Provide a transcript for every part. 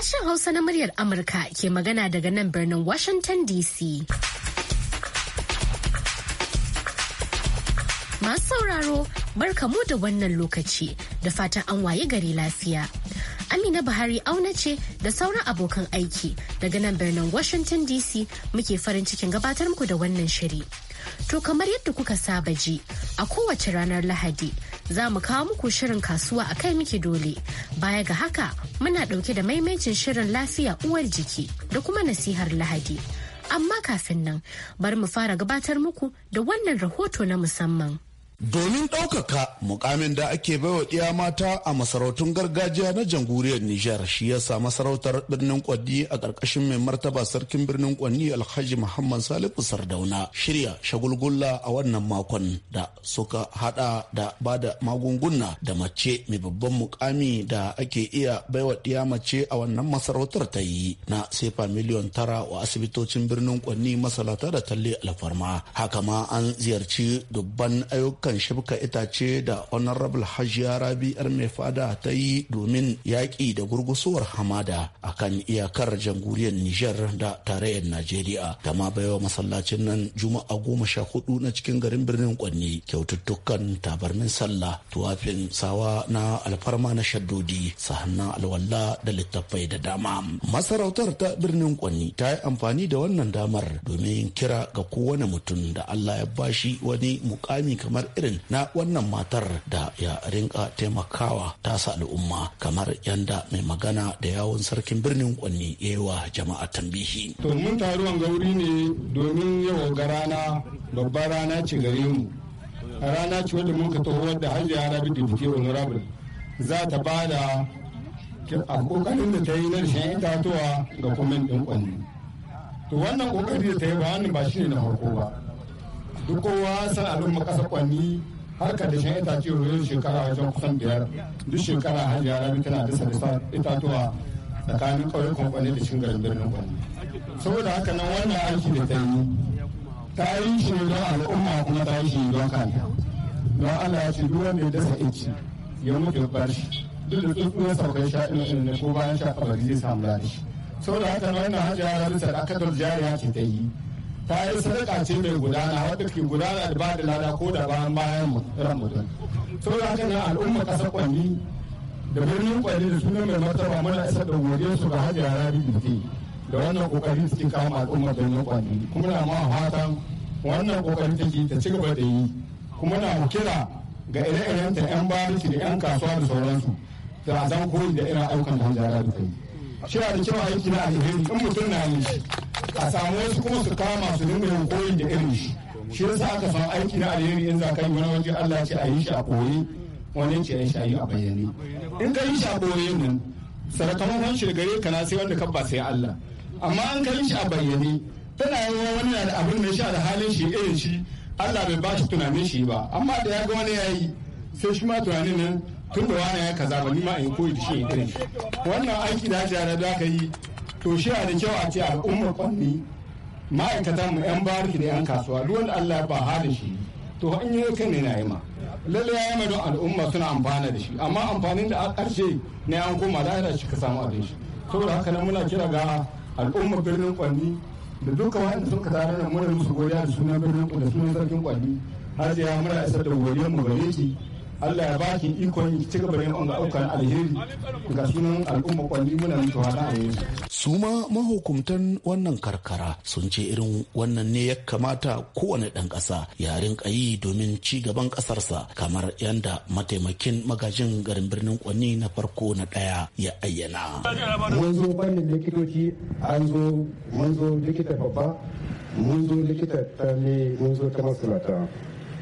Sashen Hausa na muryar Amurka ke magana daga nan birnin Washington DC. Masu sauraro, barkamu da wannan lokaci da fatan an waye gari lafiya. Amina Buhari auna ce da sauran abokan aiki daga nan birnin Washington DC muke farin cikin gabatar muku da wannan shiri. To kamar yadda kuka saba ji a kowace ranar Lahadi za mu kawo muku shirin kasuwa a kai miki dole. Baya ga haka muna ɗauke da maimacin shirin lafiya uwar jiki da kuma nasihar lahadi. Amma kafin nan bari mu fara gabatar muku da wannan rahoto na musamman. domin ɗaukaka mukamin da ake baiwa ɗiya mata a masarautun gargajiya na jamhuriyar Nijar shi ya sa masarautar birnin Kwanni a ƙarƙashin mai martaba sarkin birnin Kwanni Alhaji Muhammad Salihu Sardauna shirya shagulgulla a wannan makon da suka hada da ba da magunguna da mace mai babban mukami da ake iya baiwa ɗiya mace a wannan masarautar ta yi na sefa miliyon tara wa asibitocin birnin Kwanni masalata da talle alfarma haka ma an ziyarci dubban ayyukan dukkan shibka itace da honorable hajiya rabi yar mai fada ta yi domin yaƙi da gurgusuwar hamada a kan iyakar jamhuriyar nijar da tarayyar najeriya ta ma baiwa masallacin nan juma'a goma sha hudu na cikin garin birnin kwanni kyaututtukan tabarmin sallah tuwafin sawa na alfarma na shaddodi sahanna alwalla da littattafai da dama masarautar ta birnin kwanni ta yi amfani da wannan damar domin kira ga kowane mutum da allah ya bashi wani mukami kamar irin na wannan matar da ya rinka taimakawa tasa al'umma kamar yanda mai magana da yawon sarkin birnin kwanni yawa jama'a tambihi. To mun taruwan gauri ne domin yau ga rana babbar rana ce gare mu. rana ce wadda muka taho wadda hajiya rabi da buke honorable za ta ba da a kokarin da ta yi na rashin itatuwa ga kwamin ɗin kwanne to wannan kokari da ta yi ba wannan ba shi ne na farko ba duk kowa san abin makasa kwanni harkar da shan itace wajen shekara wajen kusan biyar duk shekara hajiya rabi tana dasa sarrafa itatuwa tsakanin ƙauyukan kwanne da shingar birnin kwanne saboda haka nan wannan aiki da ta yi ta yi shi don al'umma kuma ta yi shi don kanta don allah ya ce duk wanda ya dasa aiki ya mutu bar shi duk da duk wani saukai sha ina ina ko bayan sha kabari zai samu ladi saboda haka nan wannan hajiya rabi sadakatar jariya ce ta yi ta yi sadaka ce mai gudana wadda ke gudana da ba da lada ko da bayan bayan ran mutum so da haka nan al'umma kasa kwanni da birnin kwanni da sunan mai martaba muna isar da gode su ga hajiya rabi biki da wannan kokarin suke kama al'ummar birnin kwanni kuma na ma fatan wannan kokarin ke ta ci gaba da yi kuma na kira ga ire-irenta 'yan bayanci da 'yan kasuwa da sauransu da a zan koyi da irin aukan da a rabi ta ke. shi da kyau aiki na alheri in mutum na yin shi a samu wasu kuma su kama su dinga yin koyin da irin shi shi yasa aka san aiki na alheri in za ka yi wani waje Allah ce a yi shi a koyi wani ce a yi shi a yi a bayani. in ka yi shi a koyi nan sakamakon shi gare ka na sai wanda ka ba sai Allah amma an ka yi shi a bayyane tana yawa wani na da abin da shi da halin shi irin shi Allah bai ba shi tunanin shi ba amma da ya ga wani ya yi sai shi ma tunanin nan tun da wani ya kaza ba ni a yi koyi da shi ne wannan aiki da ake yara da yi to shi da kyau a ce al'ummar kwanni ma'aikata mu yan bariki da yan kasuwa duk wanda Allah ya ba da shi to an yi kai ne na yi ma lalle ya yi don al'umma suna amfana da shi amma amfanin da a ƙarshe ne an koma da shi ka samu abin shi saboda haka nan muna kira ga al'ummar birnin kwanni da duka waɗanda sun ka tare da muna musu godiya da sunan birnin da sunan sarkin kwanni har sai ya muna isar da godiyar mu gare Allah ya baki ikon ci gaba da yin ayyukan alheri ga sunan al'umma kwanni muna mutu hada a yanzu. Su ma mahukumtan wannan karkara sun ce irin wannan ne ya kamata kowane ɗan ƙasa ya rinka yi domin ci gaban ƙasarsa kamar yadda mataimakin magajin garin birnin kwanni na farko na ɗaya ya ayyana. Mun zo fannin likitoci an zo mun zo likita babba mun zo likita ta ne mun zo ta masulata.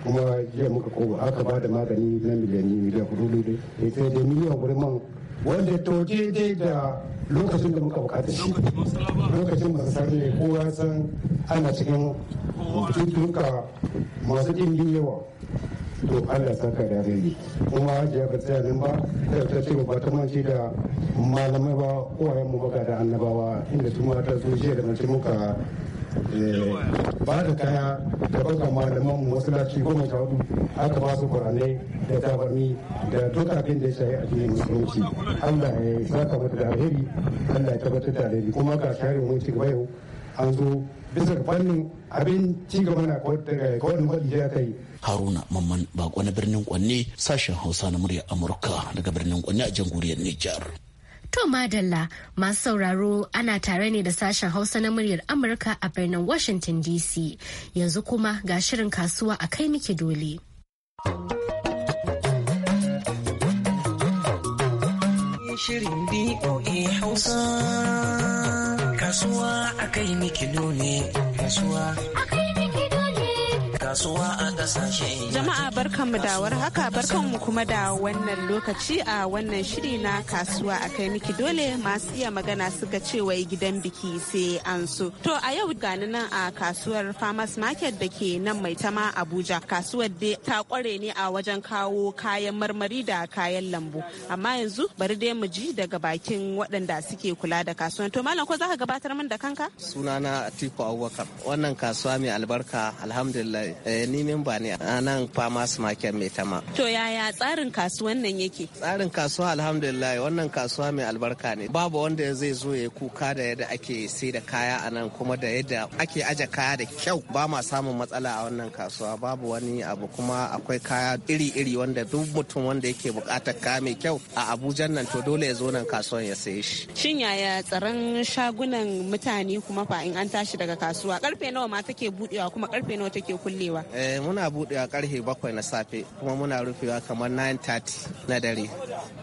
kuma jiya muka koma aka ba da magani na miliyan miliyan hudu da ya eh, sai da miliyan hudu man wanda toje daidai da lokacin da muka bukata shi lokacin masu sarri ko ya san ana cikin cututtuka masu ɗimbi yawa to Allah saka da gari kuma hajiya ba tsaya nan ba da ta ce ba ta manci da malamai ba uwayen mu baka da annabawa inda su mata su jiya da mace muka Eh, ba da kaya da baka malaman masallaci goma sha hudu aka ba su kuranai da tabarmi da duk abin da ya shafi addinin musulunci allah ya saka mata da alheri allah ya tabbatar da alheri kuma ka share mun ci gaba yau an zo bisa fannin abin ci gaba na kawai faɗi ya kai. Haruna Mamman Bako na birnin Kwanne sashen Hausa na murya Amurka daga birnin Kwanne a jamhuriyar Nijar. To Madalla masu sauraro ana tare ne da sashen Hausa na muryar Amurka a birnin Washington DC. Yanzu kuma ga shirin kasuwa a kai miki dole. Kasuwa a kai miki dole. Kasuwa a kai kasuwa a kasashe jama'a barkanmu da war haka mu kuma da wannan lokaci a wannan shiri na kasuwa a kai miki dole masu iya magana suka ce wai gidan biki sai an so to a yau gani nan a kasuwar farmers market da ke nan mai tama abuja kasuwar dai ta kware ne a wajen kawo kayan marmari da kayan lambu amma yanzu bari dai mu ji daga bakin waɗanda suke kula da kasuwar to malam ko za ka gabatar min da kanka sunana atiku abubakar wannan kasuwa mai albarka alhamdulillah Eh, ni memba ne a nan farmers market mai tama to yaya tsarin kasuwan nan yake tsarin kasuwa alhamdulillah wannan kasuwa mai albarka ne babu wanda zai zo ya kuka da yadda ake sai da kaya a nan kuma da yadda ake aje kaya da kyau ba ma samun matsala a wannan kasuwa babu wani abu kuma akwai kaya iri-iri wanda duk mutum wanda yake bukatar kaya mai kyau a abuja nan to dole ya zo nan kasuwan ya saye shi shin yaya tsaron shagunan mutane kuma fa in an tashi daga kasuwa karfe nawa ma take budewa kuma karfe nawa take kulle budewa eh muna budewa karfe bakwai na safe kuma muna rufewa kamar 9:30 na dare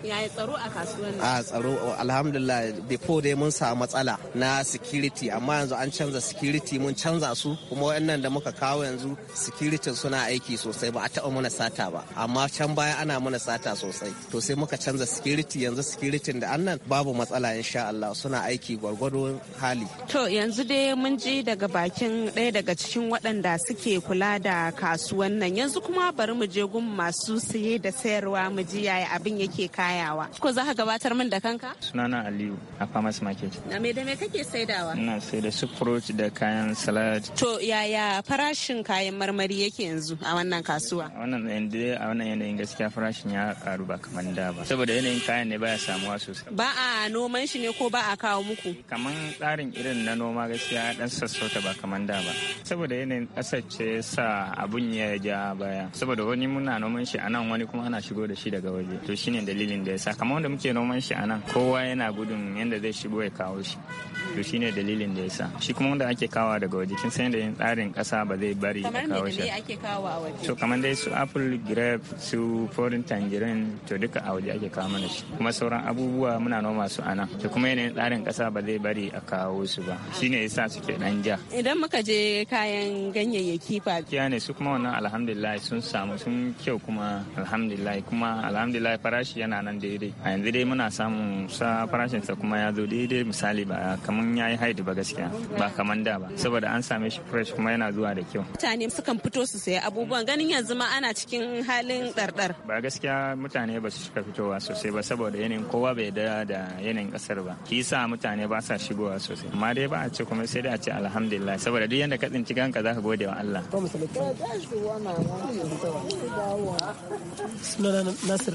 yaya tsaro a kasuwar a tsaro alhamdulillah before dai mun samu matsala na security amma yanzu an canza security mun canza su kuma waɗannan da muka kawo yanzu security suna aiki sosai ba a taɓa mana sata ba amma can baya ana mana sata sosai to sai muka canza security yanzu security da annan babu matsala insha Allah suna aiki gwargwado hali to yanzu dai mun ji daga bakin ɗaya daga cikin waɗanda suke kula da kasuwan nan yanzu kuma bari mu je gun masu saye da sayarwa mu ji yaya abin yake kayawa ko za ka gabatar min da kanka sunana aliyu a farmers market na me da me kake saidawa ina saida su fruit da kayan salad to yaya farashin kayan marmari yake yanzu a wannan kasuwa a wannan yanzu a wannan yanayin gaskiya farashin ya karu ba kamar da ba saboda yanayin kayan ne baya samuwa sosai ba a noman shi ne ko ba a kawo muku kaman tsarin irin na noma gaskiya dan sassauta ba kamar da ba saboda yanayin kasar ce sa abun ya ja baya saboda wani muna noman shi a nan wani kuma ana shigo da shi daga waje to shine dalilin da yasa kamar wanda muke noman shi a nan kowa yana gudun yanda zai shigo ya kawo shi to shine dalilin da yasa shi kuma wanda ake kawo daga waje kin san da yin tsarin kasa ba zai bari a kawo shi ake kawo a waje to kamar dai su apple grape su foreign tangerine to duka a waje ake kawo mana shi kuma sauran abubuwa muna noma su a nan to kuma yanayin tsarin kasa ba zai bari a kawo su ba shine yasa suke dan ja idan muka je kayan ganyayyaki fa gaskiya ne su kuma wannan alhamdulillah sun samu sun kyau kuma alhamdulillah kuma alhamdulillah farashi yana nan daidai a yanzu dai muna samun sa farashin sa kuma ya zo daidai misali ba kaman ya yi haidu ba gaskiya ba kaman da ba saboda an same shi fresh kuma yana zuwa da kyau mutane sukan fito su sayi abubuwan ganin yanzu ma ana cikin halin dardar ba gaskiya mutane ba su suka fitowa sosai ba saboda yanayin kowa bai da da yanayin kasar ba ki sa mutane ba sa shigowa sosai amma dai ba a ce kuma sai dai a ce alhamdulillah saboda duk yanda ka tsinci kanka zaka gode wa Allah sunana nasir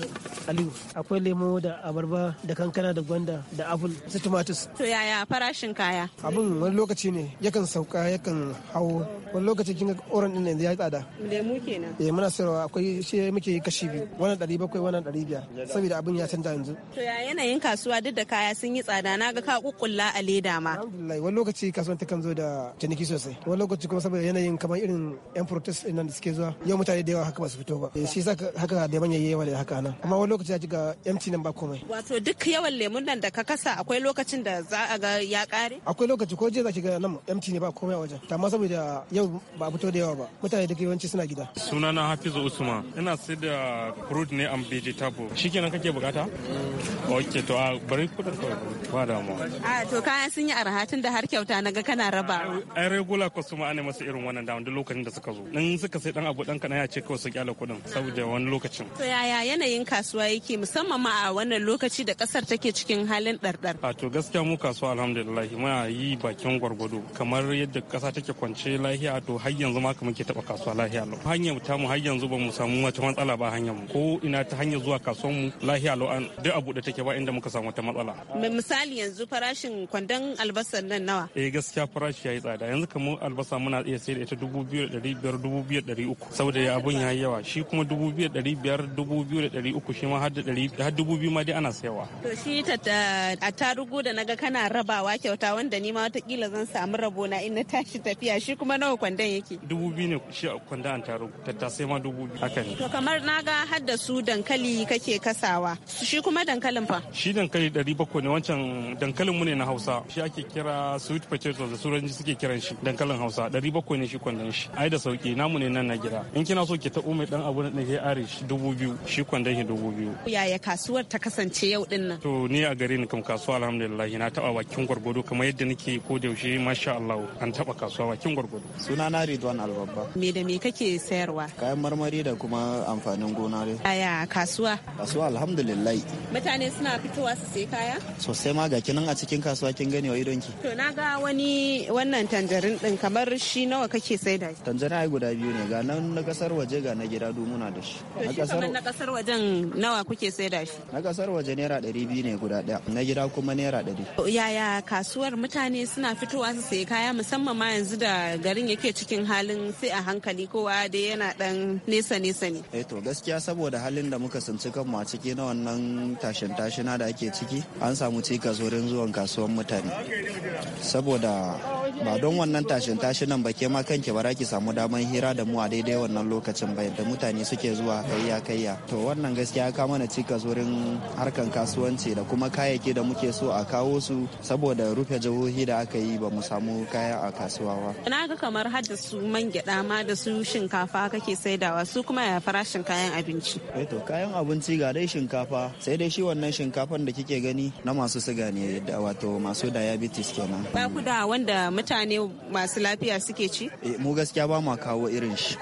aliyu akwai lemo da abarba da kankana da gwanda da apple su tumatus to yaya farashin kaya abin wani lokaci ne yakan sauka yakan hawo wani lokaci kinga oran din yanzu ya tsada lemo kenan eh muna sayarwa akwai shi muke kashi biyu wannan ɗari bakwai wannan ɗari biyar saboda abin ya canza yanzu to ya yanayin kasuwa duk da kaya sun yi tsada na ga ka kukkulla a leda ma alhamdulillah wani lokaci kasuwan ta kan zo da ciniki sosai wani lokaci kuma saboda yanayin kamar irin yan protest ɗin nan da suke zuwa yau mutane da yawa haka ba su fito ba eh, shi yasa haka da ya yi yawa da haka nan amma wani lokaci ji ga empty nan ba komai wato duk yawan lemun nan da ka kasa akwai lokacin da za a ga ya kare akwai lokaci ko je za ki ga nan empty ne ba komai a wajen amma saboda yau ba a fito da yawa ba mutane da yawanci suna gida sunana Hafizu Usman ina sai da fruit ne am vegetable shikenan kake bukata mm. ok to a bari kudin ba damuwa a to kayan sun yi arha tun da har kyauta naga kana raba ai regular customer ne masa irin wannan da duk lokacin da suka suka zo in suka sai dan abu dan kana ya ce kawai su kyala kudin saboda wani lokacin to yaya yanayin kasuwa yake musamman ma a wannan lokaci da kasar take cikin halin ɗarɗar a to gaskiya mu kasuwa alhamdulillah muna yi bakin gwargwado kamar yadda kasa take kwance lahiya to har yanzu ma kamar ke taba kasuwa lahiya Hanya hanyar ta mu har yanzu ba mu samu wata matsala ba hanyar mu ko ina ta hanyar zuwa kasuwar mu lahiya lau an duk abu da take ba inda muka samu wata matsala misali yanzu farashin kwandon albasar nan nawa eh gaskiya farashi yayi tsada yanzu kamar albasa muna iya sayar da ita dubu biyu da biyar dubu biyar ɗari uku saboda abun ya yi yawa shi kuma dubu biyar ɗari biyar dubu biyu da ɗari uku shi ma har dubu biyu ma dai ana sayawa. to shi ta a tarugu da naga kana rabawa kyauta wanda ni ma watakila zan samu rabo na in na tashi tafiya shi kuma nawa kwandon yake. dubu biyu ne shi a kwandon a tarugu sai ma dubu biyu haka ne. to kamar naga har da su dankali kake kasawa shi kuma dankalin fa. shi dankali ɗari bakwai ne wancan dankalin mu ne na hausa shi ake kira sweet potatoes da suranji suke kiran shi dankalin hausa ɗari bakwai ne shi kwandon shi ai da sauki namu ne nan na gida in kina so ki ta umai dan abu na ke arish dubu biyu shi kwandon shi dubu biyu yaya kasuwar ta kasance yau din nan to ni a gari ni kam kasuwa alhamdulillah na taba bakin gwargwado kamar yadda nake ko da yaushe masha Allah an taba kasuwa bakin gwargwado suna na Ridwan Albabba me da me kake sayarwa kayan marmari da kuma amfanin gona dai Yaya kasuwa kasuwa alhamdulillah mutane suna fitowa su sai kaya sosai ma ga kinan a cikin kasuwa kin gani wa idonki to na ga wani wannan tanjarin din kamar shi nawa kake saida da na guda biyu ne ga nan na kasar waje ga na gida du muna da shi na kasar wajen nawa kuke saida shi na kasar waje naira ɗari biyu ne guda ɗaya na gida kuma naira ɗari yaya kasuwar mutane suna fitowa su sayi kaya musamman ma yanzu da garin yake cikin halin sai a hankali kowa dai yana dan nesa nesa ne eh to gaskiya saboda halin da muka tsinci kanmu a ciki na wannan tashin tashina da ake ciki an samu cikas wurin zuwan kasuwan mutane saboda ba don wannan tashin tashinan ba ke ma kanki ba ki samu daman hira da mu a daidai wannan lokacin bai da mutane suke zuwa kayya kayya to wannan gaskiya ka mana cika wurin harkan kasuwanci da kuma kayayyaki da muke so a kawo su saboda rufe jihohi da aka yi ba mu samu kaya a kasuwa ba na ga kamar har da su man gyada ma da su shinkafa kake saidawa su kuma ya farashin kayan abinci eh to kayan abinci ga dai shinkafa sai dai shi wannan shinkafan da kike gani na masu siga ne da wato masu diabetes kenan ba ku da wanda mutane masu lafiya suke ci eh, mu gaskiya ba mu kawo irin shi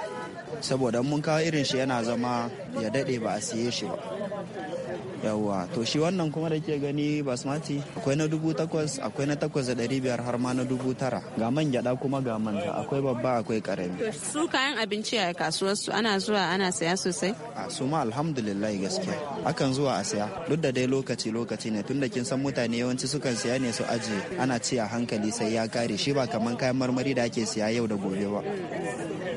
saboda mun kawo irin shi yana zama ya dade ba a siye shi ba yawwa to shi wannan kuma da ke gani basmati akwai na dubu takwas akwai na takwas da ɗari biyar har ma na dubu tara ga man gyaɗa kuma ga man akwai babba akwai ƙarami. su kayan abinci a kasuwar su ana zuwa ana saya sosai. a su ma alhamdulillah gaskiya akan zuwa a saya duk da dai lokaci lokaci ne tunda kin san mutane yawanci sukan saya ne su ajiye ana ci a hankali sai ya kare shi ba kaman kayan marmari da ake saya yau da gobe ba.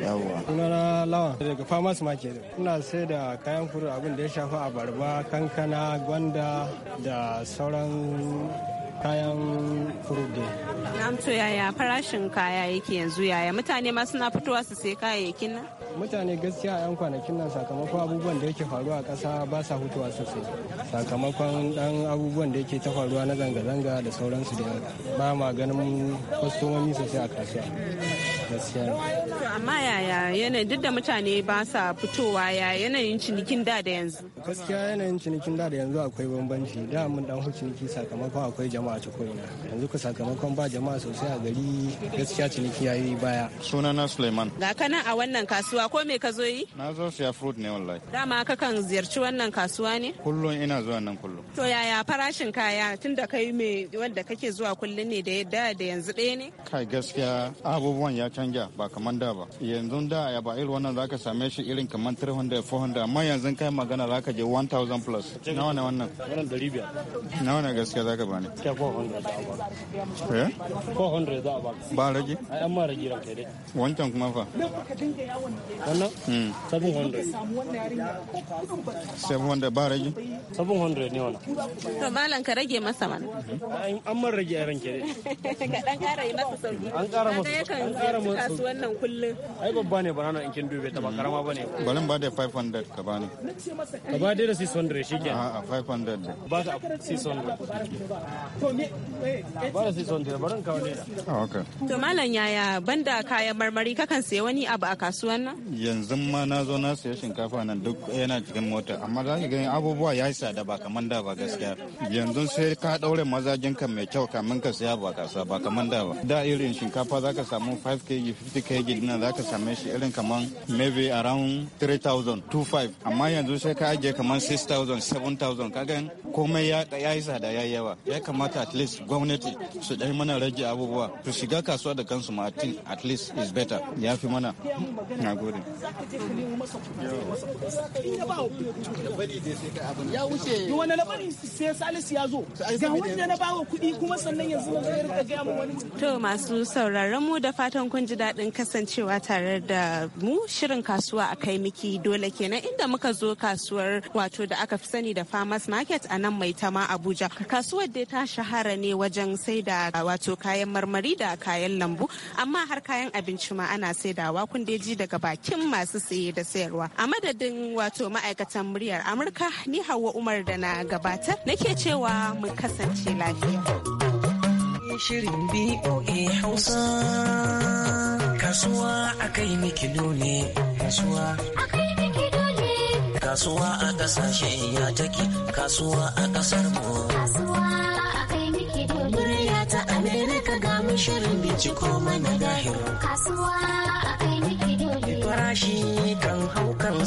yawwa. sunana lawa daga farmers market ina sai da kayan furu abin da ya shafa abarba kankan kankana gwanda da sauran kayan furuge. Na to yaya farashin kaya yake yanzu yaya mutane ma suna fitowa su sai kayayyakin nan? mutane gaskiya a yan kwanakin nan sakamakon abubuwan da yake faruwa a ƙasa ba sa hutuwa sosai sakamakon dan abubuwan da yake ta faruwa na zanga-zanga da sauransu da ba ma ganin kwastomomi sosai a kasuwa gaskiya amma yaya yanayin duk da mutane ba sa fitowa ya yanayin cinikin da da yanzu gaskiya yanayin cinikin da da yanzu akwai bambanci da mun dan ciniki sakamakon akwai jama'a ta ko'ina yanzu ku sakamakon ba jama'a sosai a gari gaskiya ciniki yayi baya sunana suleiman ga kana a wannan kasuwa kasuwa ko me ka zo yi? Na zo siya fruit ne wallahi. Dama kan ziyarci wannan kasuwa ne? Kullum ina zuwa nan kullum. To yaya farashin kaya tun da kai me wanda kake zuwa kullum ne da yadda da yanzu ɗaya ne? Kai gaskiya abubuwan ya canja ba kamar da ba. Yanzu da ya ba irin wannan zaka same shi irin kamar 300 400 amma yanzu kai magana zaka je 1000 plus. Nawa ne wannan? Wannan 500. Nawa ne gaskiya zaka bani? 400 za a Eh? 400 za a ba. Ba rage? Ai amma rage ranka dai. Wancan kuma fa? wannan 700 700 ba rage 700 ne wannan to malam ka rage masa mana an man rage a ranke dai ka dan kara yi masa sauki an kara masa an kara masa kasuwan nan kullun ai babba ne banana in kin dube ta ba karama bane barin ba da 500 ka bani ka ba da 600 shi shikenan a'a 500 da ba ka 600 to ne ba da 600 barin ka wani da ah, to malam yaya banda kayan marmari kakan sayi wani abu a kasuwan nan yanzu ma na zo na siya shinkafa nan duk yana cikin mota amma za ka gani abubuwa ya yi tsada ba kamar da ba gaskiya yanzu sai ka daure mazajin ka mai kyau kamin ka siya ba kasa ba kamar da ba da irin shinkafa za ka samu 5 kg 50 kg na za ka same shi irin kamar maybe around 3000 25 amma yanzu sai ka ajiye kamar 6000 7000 ka gani komai ya yi tsada ya yawa ya kamata at least gwamnati su dai mana rage abubuwa su shiga kasuwa da kansu ma at least is better ya fi mana na gode wurin ya wuce wani labari sai salisu ya zo ga wanda na bawa kuɗi kuma sannan yanzu na zai rika gaya mu wani to masu sauraron mu da fatan kun ji daɗin kasancewa tare da mu shirin kasuwa a kai miki dole kenan inda muka zo kasuwar wato da aka fi sani da farmers market a nan mai tama abuja kasuwar dai ta shahara ne wajen sai da wato kayan marmari da kayan lambu amma har kayan abinci ma ana saidawa kundeji daga baki cikin masu saye da sayarwa. A madadin wato ma'aikatan muryar Amurka ni Hauwa Umar da na gabatar nake cewa mu kasance lafiya. Shirin BOA Hausa Kasuwa a kai mikido ne Kasuwa a kai mikido Kasuwa a kasashe ya take Kasuwa a kasar mu Kasuwa ga mu shirin binciko mana gahiro. Kasuwa.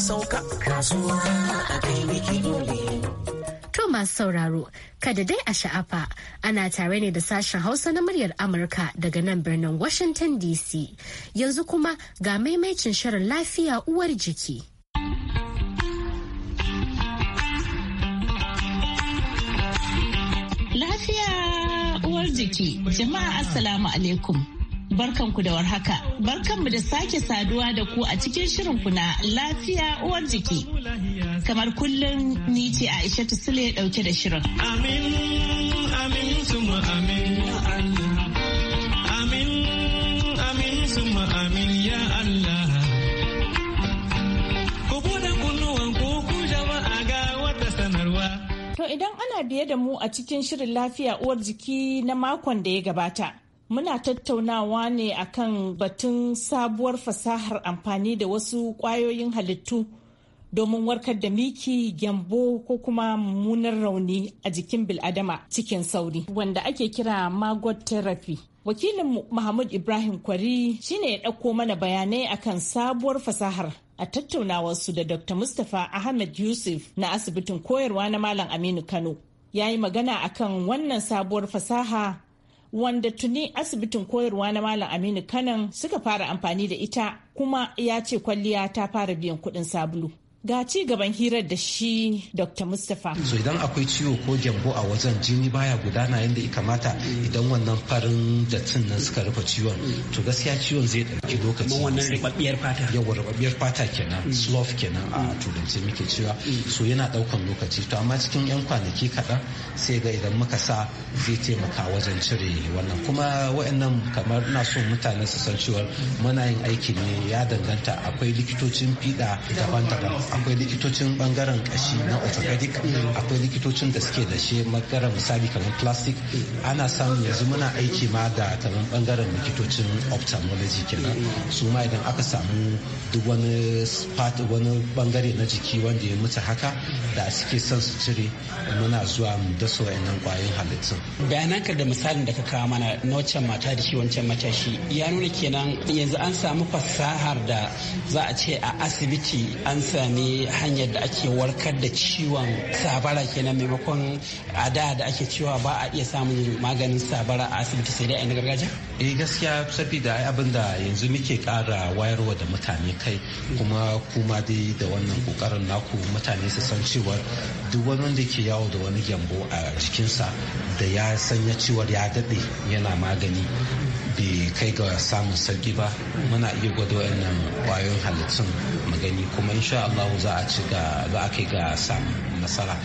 sauka kasuwa a kai miki dole. To masu sauraro, kada dai a sha'afa ana tare ne da sashen Hausa na muryar Amurka daga nan birnin Washington DC. Yanzu kuma ga maimaicin shirin lafiya uwar jiki. Lafiya uwar jiki, jama'a Assalamu alaikum. Barkanku da warhaka. Barkanmu da sake saduwa da ku a cikin ku na lafiya uwar jiki. Kamar kullum ni ce Aisha Sule dauke da shirin. Amin, amin, suma amin ya Allah. Amin, amin, suma amin ya Allah. Ku buɗe kunnuwan ku jama'a ga wata sanarwa. To idan ana biye da mu a cikin shirin lafiya uwar jiki na makon da ya gabata. muna tattaunawa ne akan batun sabuwar fasahar amfani da wasu kwayoyin halittu domin warkar da miki gyambo ko kuma mummunar rauni a jikin biladama cikin sauri wanda ake kira magot therapy wakilin Muhammad ibrahim kwari shine ya ɗauko mana bayanai akan sabuwar fasahar a tattaunawarsu da dr mustapha ahmed yusuf na asibitin koyarwa na malam aminu kano ya yi magana akan wannan sabuwar fasaha wanda tuni asibitin koyarwa na Malam Aminu Kanan suka fara amfani da ita kuma ya ce kwalliya ta fara biyan kuɗin sabulu. ga ci gaban hirar da shi Dr. Mustapha. So idan akwai ciwo ko gyambo a wajen jini baya gudana yadda ya kamata idan wannan farin dattin nan suka rufe ciwon to gaskiya ciwon zai ɗauki lokaci. Kuma wannan rubabbiyar fata. Yawa rubabbiyar fata kenan slough kenan a turanci muke cewa so yana ɗaukan lokaci to amma cikin 'yan kwanaki kaɗan sai ga idan muka sa zai taimaka wajen cire wannan kuma wa'annan kamar na so mutane su san cewa muna yin aiki ne ya danganta akwai likitocin fiɗa daban-daban akwai likitocin bangaren kashi na orthopedic akwai likitocin da suke da shi makara misali kamar plastic ana samu yanzu muna aiki ma da kamar bangaren likitocin ophthalmology kenan su ma idan aka samu duk wani part wani bangare na jiki wanda ya mutu haka da suke son su cire muna zuwa mu dasa wayannan kwayoyin halittun bayananka da misalin da ka kawo mana na wancan mata da shi wancan matashi ya nuna kenan yanzu an samu fasahar da za a ce a asibiti an sami hanyar da ake warkar da ciwon sabara kenan maimakon a da da ake cewa ba a iya samun maganin sabara a asibiti sai dai a na gargajiya? eh gaskiya saboda ai abin da yanzu muke kara wayarwa da mutane kai kuma kuma dai da wannan kokarin naku mutane su san cewar duk wani wanda ke yawo da wani gyambo a jikinsa da ya sanya cewar ya daɗe yana magani bai kai ga samun sarki ba muna iya gwada wayannan kwayoyin halittun magani kuma insha Allah za a ci ga za a kai ga samun nasara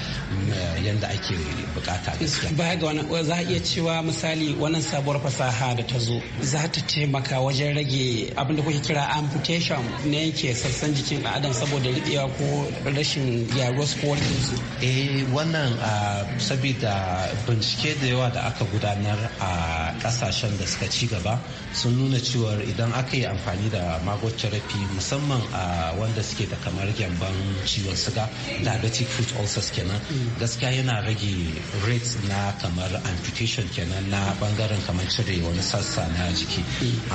eh, yadda ake bukata gaskiya baya ga wani za a iya cewa misali wannan sabuwar fasaha da ta zo za ta taimaka wajen rage abin da kuke kira amputation na yanke sassan jikin adam saboda riɗewa ko rashin gyaruwar su eh wannan ah, sabida bincike da yawa da aka gudanar a kasashen da suka ci gaba sun nuna cewa idan aka yi amfani da magot therapy musamman a ah, wanda suke da kamar gyamban ciwon suga diabetic foot ulcer dialysis kenan gaskiya yana rage rates na kamar amputation kenan na bangaren kamar cire wani sassa na jiki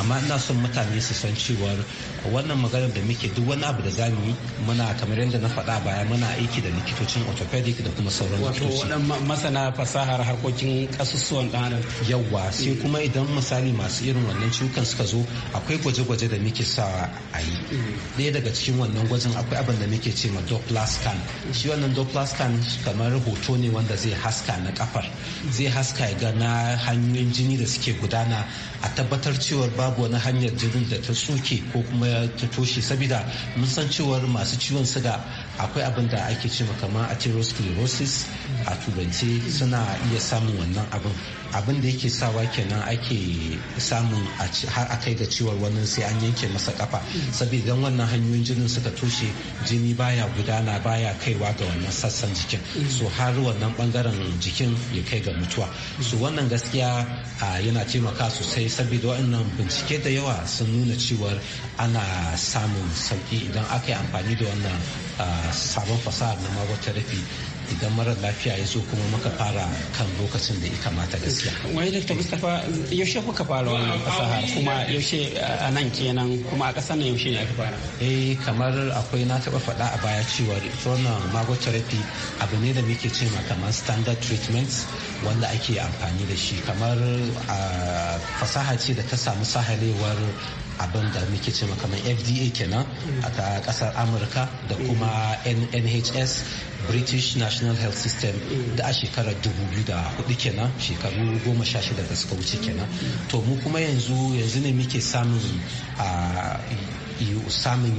amma ina son mutane su san cewar wannan maganar da muke duk wani abu da za mu yi muna kamar yadda na faɗa baya muna aiki da likitocin orthopedic da kuma sauran likitoci wato masana fasahar harkokin kasusuwan ɗan adam yawa sai kuma idan misali masu irin wannan ciwukan suka zo akwai gwaje-gwaje da muke sa a yi mm. ɗaya daga cikin wannan gwajin akwai abin da muke ce ma doppler scan shi wannan doppler lumbar kamar hoto ne wanda zai haska na kafar zai haska ga na hanyoyin jini da suke gudana a tabbatar cewar babu wani hanyar jinin da ta tsuke ko kuma ta toshe sabida mun san cewar masu ciwon suga akwai abin da ake ce kama atherosclerosis a turance suna iya samun wannan abin abin da yake sawa kenan ake samun har a kai ga ciwon wani sai an yanke masa kafa saboda wannan hanyoyin jinin suka toshe jini baya gudana baya kaiwa ga wannan sassan jikin so har wannan bangaren jikin ya kai ga mutuwa so wannan gaskiya yana taimaka sosai saboda wannan bincike da yawa sun nuna cewar ana samun sauki idan aka yi amfani da wannan sabon fasahar na magwata rafi idan marar lafiya ya zo kuma muka fara kan lokacin da ya kamata gaskiya. Wai Dr. Mustapha yaushe kuka fara wannan fasaha kuma yaushe a nan kenan kuma a ƙasar na yaushe ne aka fara? Eh kamar akwai na taɓa faɗa a baya cewa wannan mago therapy abu ne da muke ce ma kamar standard treatment wanda ake amfani da shi kamar fasaha ce da ta samu sahalewar abin da muke ce kamar fda kenan a ta kasar amurka da kuma nhs british national health system da a shekarar 2004 kenan shekaru 16 da suka wuce kenan to mu kuma yanzu yanzu ne muke samun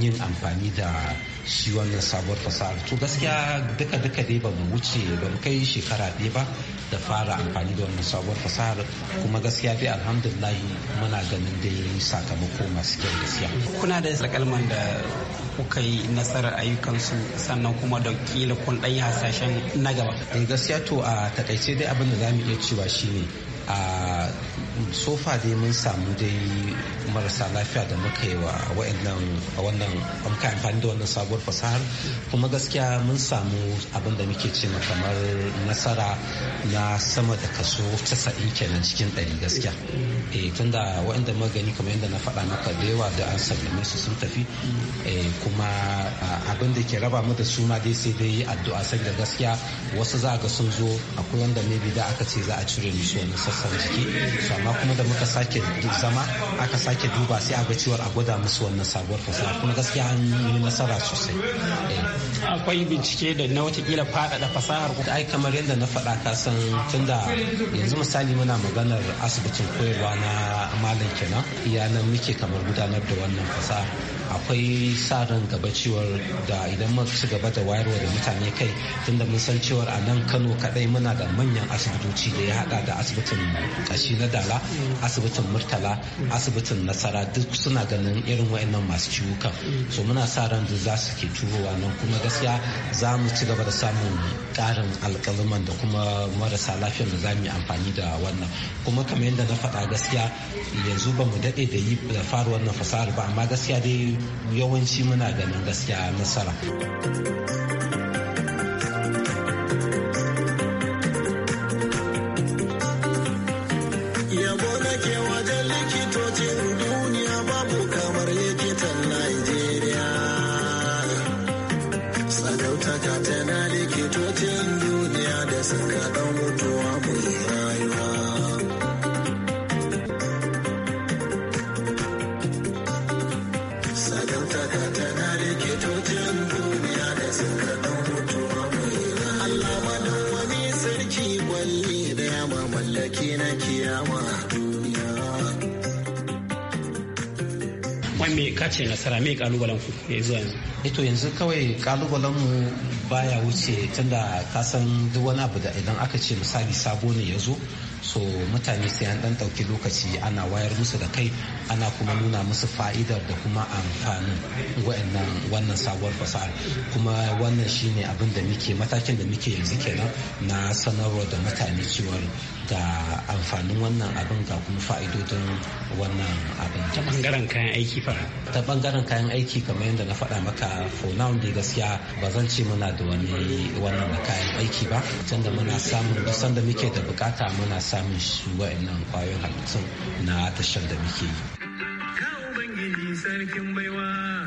yin amfani da shi wannan sabuwar fasahar to gaskiya duka duka dai ba mu wuce ba mu kai shekara ɗaya ba da fara amfani da wannan sabuwar fasahar kuma gaskiya dai alhamdulillah muna ganin dai sakamako masu kyau gaskiya kuna da alƙalman da kuka yi nasarar ayyukansu sannan kuma da kila kun ɗanyi hasashen na gaba eh, gaskiya to a takaice dai abin da za iya cewa shine a sofa dai mun samu dai marasa lafiya da muka yi wa a wannan amka amfani da wannan sabuwar fasahar kuma gaskiya mun samu abin da muke ce kamar nasara na sama da kaso 90 kenan cikin ɗari gaskiya eh tunda waɗanda magani kamar yadda na faɗa maka da yawa da an sallame su sun tafi eh, kuma abin da ke raba mu da su ma dai sai dai addu'a sai da gaskiya wasu za ga sun zo akwai wanda maybe da aka ce za a cire musu wani sassan jiki amma kuma da muka sake zama aka sake duba sai a ga cewar a gwada musu wannan sabuwar fasaha kuma gaskiya an yi nasara sosai eh. akwai bincike da na watakila faɗaɗa fasahar ku ai kamar yadda na faɗa ka san tunda yanzu misali muna maganar asibitin koyarwa na malam kenan iyalan muke kamar gudanar da wannan fasaha akwai sa ran gaba cewar da idan muka ci gaba da wayarwa da mutane kai tunda mun san cewar a nan kano kadai muna da manyan asibitoci da ya hada da asibitin kashi na dala asibitin murtala asibitin nasara duk suna ganin irin wayannan masu ciwukan so muna sa ran da za su ke turowa nan kuma gaskiya za mu ci gaba da samun karin alkaliman da kuma marasa lafiyar da za mu yi amfani da wannan kuma kamar yadda na faɗa gaskiya yanzu ba mu daɗe da yi da faruwar na fasahar ba amma gaskiya dai yawanci muna ganin gaskiya nasara. ta ce nasara me kalubalen ku ya zuwa yanzu ito eh yanzu kawai kalubalen mu baya wuce tunda ka san duk wani abu da idan aka ce misali sabo ne ya zo so mutane sai an dan ɗauki lokaci ana wayar musu da kai ana kuma nuna musu fa'idar da kuma amfanin wa'annan wannan sabuwar fasahar kuma wannan shine abin da muke matakin da muke yanzu kenan na sanarwa da mutane cewa ga amfanin wannan abin ga kuma fa'idodin wannan abin ta bangaren kayan aiki fa ta bangaren kayan aiki kamar yadda na faɗa maka for now dai gaskiya ba zan ce muna da wani wannan kayan aiki ba tunda muna samun duk sanda muke da bukata muna samun shi wa'annan kwayoyin halittun na tashar da muke yi 人生更美好。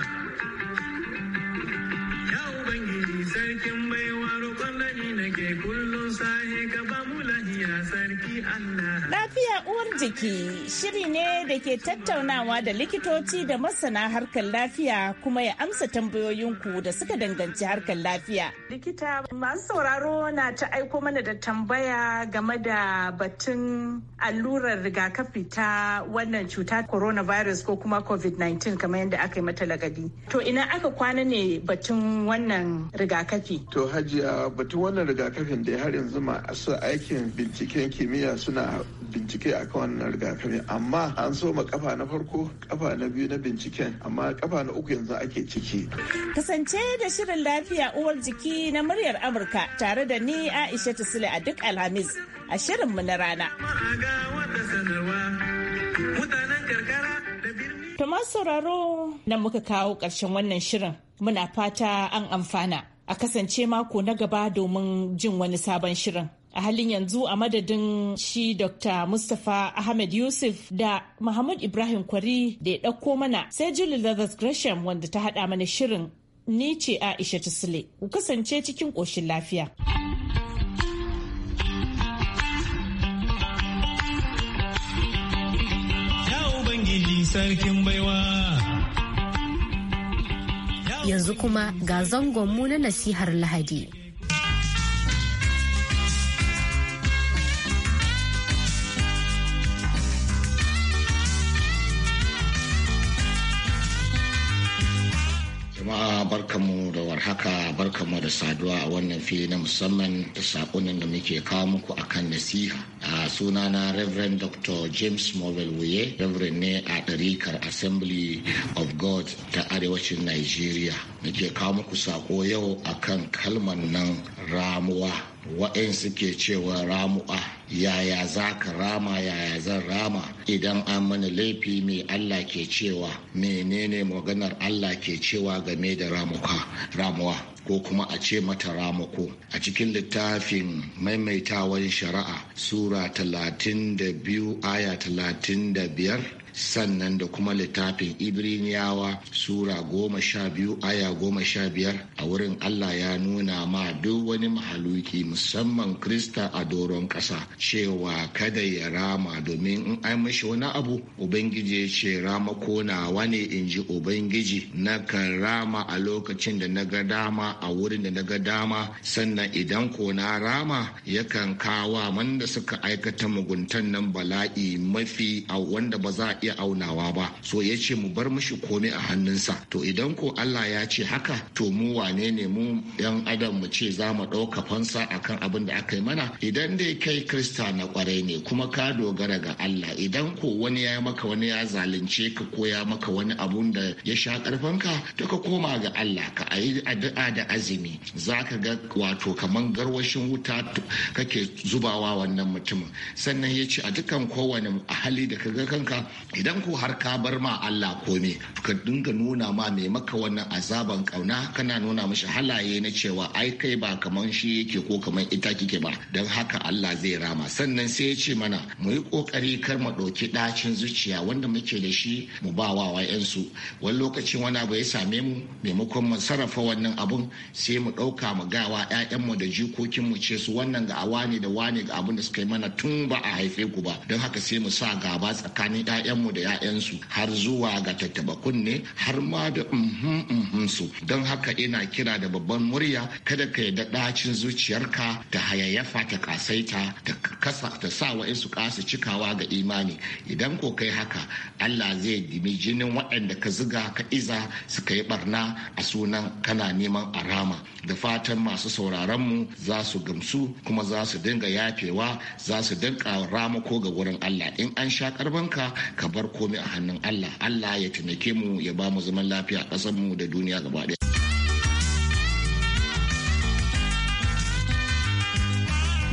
Lafiya jiki shiri ne da ke tattaunawa da likitoci da masana harkar lafiya kuma ya amsa tambayoyinku da suka danganci harkar lafiya. Likita masu sauraro na ta aiko mana da tambaya game da batun allurar rigakafi ta wannan cuta coronavirus ko kuma covid-19 kamar yadda aka yi mata lagadi. To ina aka kwana ne batun wannan rigakafi? To hajiya batun wannan rigakafin da har yanzu masu aikin binciken kimiyya suna binciken ce akan wannan rigakafi amma an so ma kafa na farko kafa na biyu na binciken amma kafa na uku yanzu ake ciki kasance da shirin lafiya uwar jiki na muryar amurka tare da ni aisha sule a duk alhamis a shirinmu na rana To sauraro na muka kawo karshen wannan shirin muna fata an amfana a kasance mako na gaba domin jin wani sabon shirin. a halin yanzu a madadin shi dr mustapha ahmed yusuf da mahmud ibrahim kwari da ya ɗauko mana sai julie leathers gresham wanda ta haɗa mana shirin ni ce aisha sule ku kasance cikin ƙoshin lafiya yanzu kuma ga zangonmu na nasihar lahadi barkamu da warhaka barkamu da saduwa a wannan fili na musamman da sakonin da muke kawo muku akan nasiha a suna na reverend dr james mobile wuye reverend ne a ɗarikar assembly of god ta arewacin nigeria muke kawo muku sako yau akan kalman nan ramuwa wa'in suke cewa ramu'a yaya za ka rama yaya zan rama idan an mana laifi mai Allah ke cewa menene maganar Allah ke cewa game da ramuwa ko kuma a ce mata ramako a cikin littafin maimaitawan shari'a sura 32 aya 35 sannan da kuma littafin ibriniyawa sura goma sha biyu aya goma sha biyar a wurin allah ya nuna ma duk wani mahaluki musamman krista a doron ƙasa cewa kada ya rama domin in an mashi wani abu ubangiji ya ce rama na ne in ji ubangiji na kan rama a lokacin da na ga dama a wurin da na ga dama sannan idan ko na rama yakan kawa wanda suka aikata muguntan nan bala'i mafi a wanda ba za a iya aunawa ba so ya ce mu bar mushi komai a hannunsa to idan ko Allah ya ce haka to mu wane ne mu yan adam mu ce za mu ɗauka fansa akan abin da aka yi mana idan dai kai krista na kwarai ne kuma ka dogara ga Allah idan ko wani ya maka wani ya zalunce ka ko ya maka wani abun da ya sha karfanka to ka koma ga Allah ka ayi addu'a da azumi za ka ga wato kamar garwashin wuta kake zubawa wannan mutumin sannan ya ce a dukkan kowane hali da ka ga kanka idan ko har ka bar ma Allah komai ka dinga nuna ma mai maka wannan azaban kauna kana nuna mishi halaye na cewa ai kai ba kaman shi yake ko kaman ita kike ba don haka Allah zai rama sannan sai ya ce mana mu yi kokari kar mu ɗauki ɗacin zuciya wanda muke da shi mu ba wa wayansu wani lokacin wani abu ya same mu maimakon mu sarrafa wannan abun sai mu ɗauka mu gawa mu da jikokinmu ce su wannan ga ne da wane ga abin da suka yi mana tun ba a haife ku ba don haka sai mu sa gaba tsakanin mu da ƴaƴansu. har zuwa ga tattaba kunne har ma da su don haka ina kira da babban murya kada ka yi ɗacin zuciyarka ta hayayyafa ta kasaita ta sa ta sa wa'insu kasa cikawa ga imani idan ko kai haka Allah zai dimi jinin waɗanda ka ziga ka iza suka yi barna a sunan kana neman a rama da fatan masu sauraron mu za su gamsu kuma za su dinga yafewa za su dinga rama ko ga wurin Allah in an sha karbanka ka bar komai a hannun Allah Allah ya taimake mu ya ba mu zaman lafiya ƙasar mu da duniya gaba ɗaya